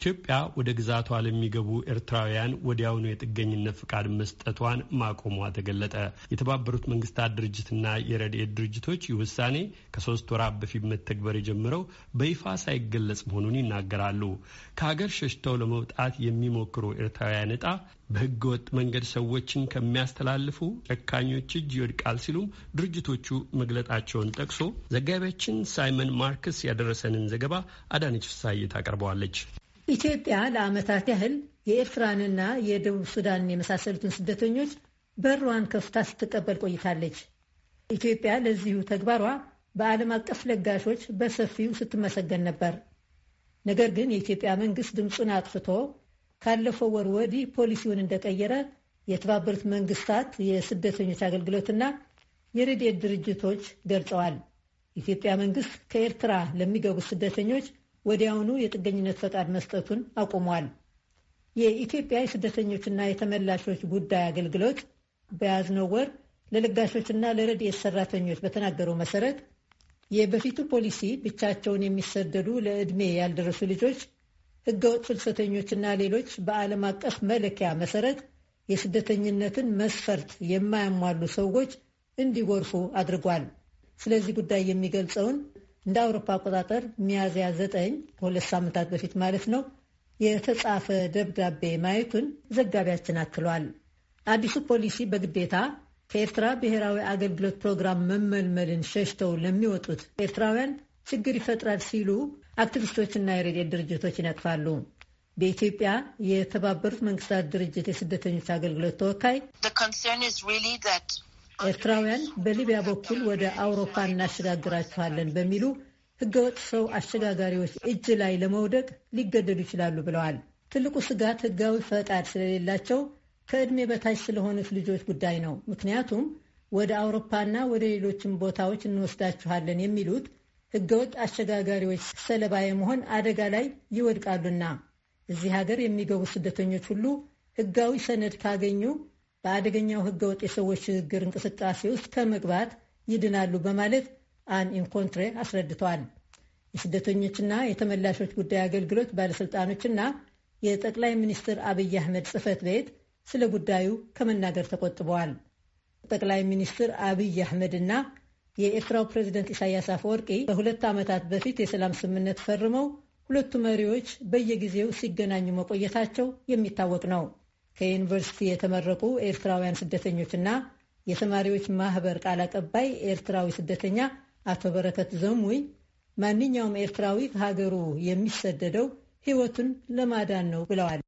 ኢትዮጵያ ወደ ግዛቷ ለሚገቡ ኤርትራውያን ወዲያውኑ የጥገኝነት ፍቃድ መስጠቷን ማቆሟ ተገለጠ። የተባበሩት መንግስታት ድርጅትና የረድኤት ድርጅቶች ይህ ውሳኔ ከሶስት ወራት በፊት መተግበር የጀመረው በይፋ ሳይገለጽ መሆኑን ይናገራሉ። ከሀገር ሸሽተው ለመውጣት የሚሞክሩ ኤርትራውያን ዕጣ በህገ ወጥ መንገድ ሰዎችን ከሚያስተላልፉ ጨካኞች እጅ ይወድቃል ሲሉም ድርጅቶቹ መግለጣቸውን ጠቅሶ ዘጋቢያችን ሳይመን ማርክስ ያደረሰንን ዘገባ አዳነች ፍሳይ ታቀርበዋለች። ኢትዮጵያ ለዓመታት ያህል የኤርትራንና የደቡብ ሱዳንን የመሳሰሉትን ስደተኞች በሯን ከፍታ ስትቀበል ቆይታለች። ኢትዮጵያ ለዚሁ ተግባሯ በዓለም አቀፍ ለጋሾች በሰፊው ስትመሰገን ነበር። ነገር ግን የኢትዮጵያ መንግስት ድምፁን አጥፍቶ ካለፈው ወር ወዲህ ፖሊሲውን እንደቀየረ የተባበሩት መንግስታት የስደተኞች አገልግሎትና የረድኤት ድርጅቶች ገልጸዋል። የኢትዮጵያ መንግስት ከኤርትራ ለሚገቡት ስደተኞች ወዲያውኑ የጥገኝነት ፈቃድ መስጠቱን አቁሟል። የኢትዮጵያ የስደተኞችና የተመላሾች ጉዳይ አገልግሎት በያዝነው ወር ለለጋሾችና ለረድኤት ሰራተኞች በተናገረው መሰረት የበፊቱ ፖሊሲ ብቻቸውን የሚሰደዱ ለዕድሜ ያልደረሱ ልጆች፣ ህገወጥ ፍልሰተኞችና ሌሎች በዓለም አቀፍ መለኪያ መሰረት የስደተኝነትን መስፈርት የማያሟሉ ሰዎች እንዲጎርፉ አድርጓል። ስለዚህ ጉዳይ የሚገልጸውን እንደ አውሮፓ አቆጣጠር ሚያዝያ ዘጠኝ ከሁለት ሳምንታት በፊት ማለት ነው የተጻፈ ደብዳቤ ማየቱን ዘጋቢያችን አክሏል። አዲሱ ፖሊሲ በግዴታ ከኤርትራ ብሔራዊ አገልግሎት ፕሮግራም መመልመልን ሸሽተው ለሚወጡት ኤርትራውያን ችግር ይፈጥራል ሲሉ አክቲቪስቶችና የረድኤት ድርጅቶች ይነቅፋሉ። በኢትዮጵያ የተባበሩት መንግስታት ድርጅት የስደተኞች አገልግሎት ተወካይ ኤርትራውያን በሊቢያ በኩል ወደ አውሮፓ እናሸጋግራችኋለን በሚሉ ህገወጥ ሰው አሸጋጋሪዎች እጅ ላይ ለመውደቅ ሊገደዱ ይችላሉ ብለዋል። ትልቁ ስጋት ህጋዊ ፈቃድ ስለሌላቸው ከዕድሜ በታች ስለሆኑት ልጆች ጉዳይ ነው። ምክንያቱም ወደ አውሮፓና ወደ ሌሎችም ቦታዎች እንወስዳችኋለን የሚሉት ህገወጥ አሸጋጋሪዎች ሰለባ የመሆን አደጋ ላይ ይወድቃሉና እዚህ ሀገር የሚገቡ ስደተኞች ሁሉ ህጋዊ ሰነድ ካገኙ በአደገኛው ህገወጥ የሰዎች ሽግግር እንቅስቃሴ ውስጥ ከመግባት ይድናሉ በማለት አን ኢንኮንትሬ አስረድተዋል። የስደተኞችና የተመላሾች ጉዳይ አገልግሎት ባለሥልጣኖችና የጠቅላይ ሚኒስትር አብይ አህመድ ጽህፈት ቤት ስለ ጉዳዩ ከመናገር ተቆጥበዋል። ጠቅላይ ሚኒስትር አብይ አህመድና የኤርትራው ፕሬዚደንት ኢሳያስ አፈወርቂ ከሁለት ዓመታት በፊት የሰላም ስምምነት ፈርመው ሁለቱ መሪዎች በየጊዜው ሲገናኙ መቆየታቸው የሚታወቅ ነው። ከዩኒቨርሲቲ የተመረቁ ኤርትራውያን ስደተኞችና የተማሪዎች ማህበር ቃል አቀባይ ኤርትራዊ ስደተኛ አቶ በረከት ዘሙይ ማንኛውም ኤርትራዊ ከሀገሩ የሚሰደደው ሕይወቱን ለማዳን ነው ብለዋል።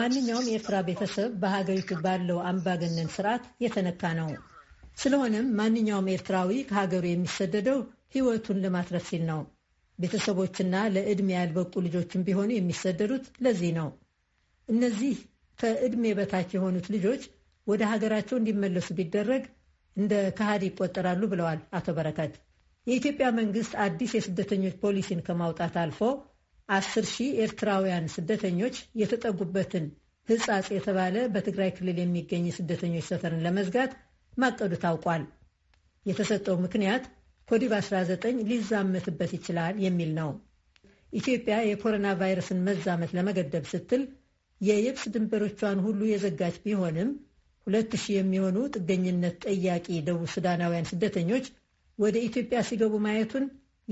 ማንኛውም ኤርትራ ቤተሰብ በሀገሪቱ ባለው አምባገነን ስርዓት የተነካ ነው። ስለሆነም ማንኛውም ኤርትራዊ ከሀገሩ የሚሰደደው ሕይወቱን ለማትረፍ ሲል ነው። ቤተሰቦችና ለዕድሜ ያልበቁ ልጆችም ቢሆኑ የሚሰደዱት ለዚህ ነው። እነዚህ ከዕድሜ በታች የሆኑት ልጆች ወደ ሀገራቸው እንዲመለሱ ቢደረግ እንደ ካሃድ ይቆጠራሉ ብለዋል አቶ በረከት። የኢትዮጵያ መንግስት አዲስ የስደተኞች ፖሊሲን ከማውጣት አልፎ አስር ሺህ ኤርትራውያን ስደተኞች የተጠጉበትን ህጻጽ የተባለ በትግራይ ክልል የሚገኝ ስደተኞች ሰፈርን ለመዝጋት ማቀዱ ታውቋል። የተሰጠው ምክንያት ኮዲቭ 19 ሊዛመትበት ይችላል የሚል ነው። ኢትዮጵያ የኮሮና ቫይረስን መዛመት ለመገደብ ስትል የየብስ ድንበሮቿን ሁሉ የዘጋች ቢሆንም ሁለት ሺህ የሚሆኑ ጥገኝነት ጠያቂ ደቡብ ሱዳናውያን ስደተኞች ወደ ኢትዮጵያ ሲገቡ ማየቱን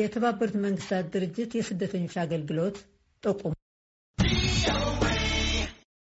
የተባበሩት መንግስታት ድርጅት የስደተኞች አገልግሎት ጠቁሟል።